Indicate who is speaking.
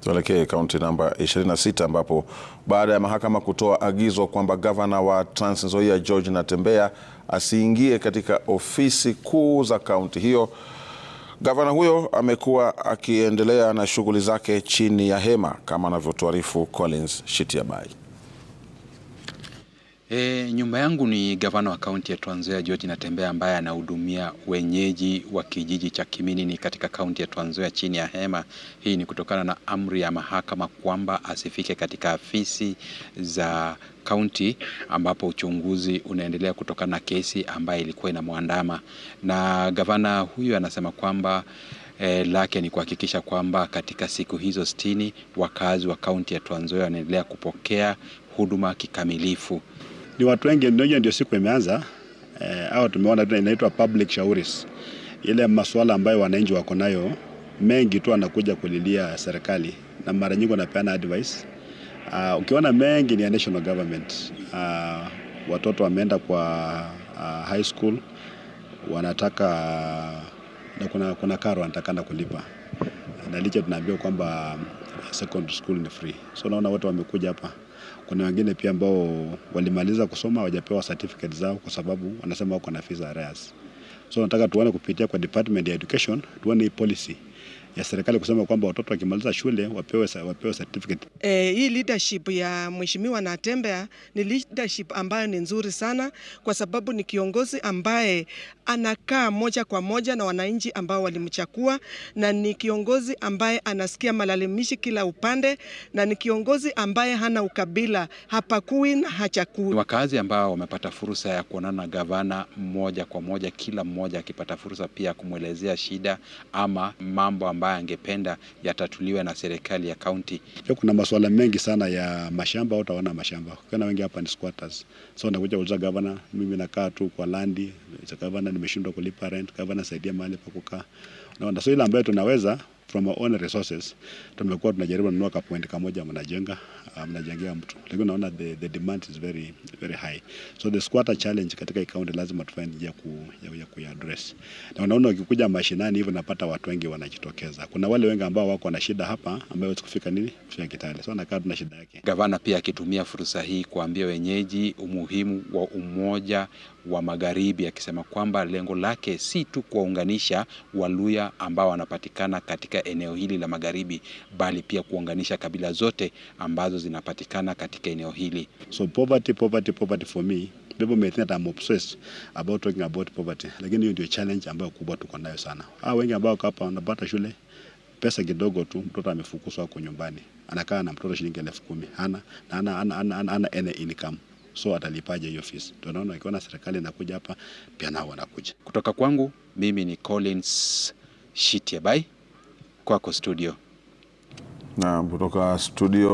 Speaker 1: Tuelekee kaunti namba 26 ambapo baada ya mahakama kutoa agizo kwamba gavana wa Trans Nzoia George Natembeya asiingie katika ofisi kuu za kaunti hiyo, gavana huyo amekuwa akiendelea na shughuli zake chini ya hema, kama anavyotuarifu Collins Shitiabai.
Speaker 2: E, nyumba yangu ni gavana wa kaunti ya Trans Nzoia George Natembeya ambaye anahudumia wenyeji wa kijiji cha Kimini ni katika kaunti ya Trans Nzoia chini ya hema. Hii ni kutokana na amri ya mahakama kwamba asifike katika afisi za kaunti ambapo uchunguzi unaendelea kutokana na kesi ambayo ilikuwa inamwandama, na gavana huyu anasema kwamba E, lake ni kuhakikisha kwamba katika siku hizo sitini wakazi wa kaunti ya Trans Nzoia wanaendelea kupokea huduma kikamilifu
Speaker 3: ni watu wengi, ndio ndio siku imeanza eh, au tumeona inaitwa public shauris, ile masuala ambayo wananchi wako nayo mengi tu anakuja kulilia serikali na mara nyingi wanapeana advice. Uh, ukiona mengi ni ya national government. Uh, watoto wameenda kwa uh, high school wanataka na kuna, kuna karo wanatakana kulipa na licha tunaambiwa kwamba secondary school ni free, so naona watu wamekuja hapa kuna wengine pia ambao walimaliza kusoma hawajapewa certificate zao kwa sababu wanasema wako na fees arrears. So nataka tuone kupitia kwa Department ya Education tuone hii policy ya serikali kusema kwamba watoto wakimaliza shule wapewe, wapewe certificate.
Speaker 4: E, hii leadership ya mheshimiwa Natembeya ni leadership ambayo ni nzuri sana kwa sababu ni kiongozi ambaye anakaa moja kwa moja na wananchi ambao walimchakua, na ni kiongozi ambaye anasikia malalamishi kila upande, na ni kiongozi ambaye hana ukabila, hapakui na hachakui.
Speaker 2: Wakazi ambao wamepata fursa ya kuonana na gavana moja kwa moja, kila mmoja akipata fursa pia ya kumwelezea shida ama mambo ambayo ambayo angependa yatatuliwe na serikali ya kaunti.
Speaker 3: Kuna masuala mengi sana ya mashamba, utaona mashamba kana wengi hapa ni squatters. So nakuja kuuliza gavana, mimi nakaa tu kwa landi, gavana, nimeshindwa kulipa rent, gavana saidia mahali pa kukaa, naona so ile ambayo tunaweza from our own resources tumekuwa tunajaribu kununua point kamoja, mnajenga ah, mnajengea mtu, lakini naona the, the demand is very, very high, so the squatter challenge katika county lazima tufind njia ku, ya ya ku address na unaona ukikuja mashinani hivyo napata watu wengi wanajitokeza. Kuna wale wengi ambao wako na shida hapa ambao ambayo kufika nini kufika Kitale, so nakaa tuna shida yake.
Speaker 2: Gavana pia akitumia fursa hii kuambia wenyeji umuhimu wa umoja wa magharibi akisema kwamba lengo lake si tu kuwaunganisha Waluya ambao wanapatikana katika eneo hili la magharibi, bali pia kuunganisha kabila zote ambazo zinapatikana katika eneo hili.
Speaker 3: So poverty, poverty, poverty for me people may think that I'm obsessed about talking about poverty, lakini hiyo ndio challenge ambayo kubwa tuko nayo sana. Ah, wengi ambao hapa wanapata shule pesa kidogo tu, mtoto amefukuzwa huko nyumbani, anakaa na mtoto shilingi elfu kumi hana na ana ana, ana, ana, ana any income so atalipaje hiyo fees? Tunaona ikiona serikali inakuja hapa, pia nao wanakuja.
Speaker 2: Kutoka kwangu mimi ni Collins Shitiebai kwako studio.
Speaker 1: Na kutoka studio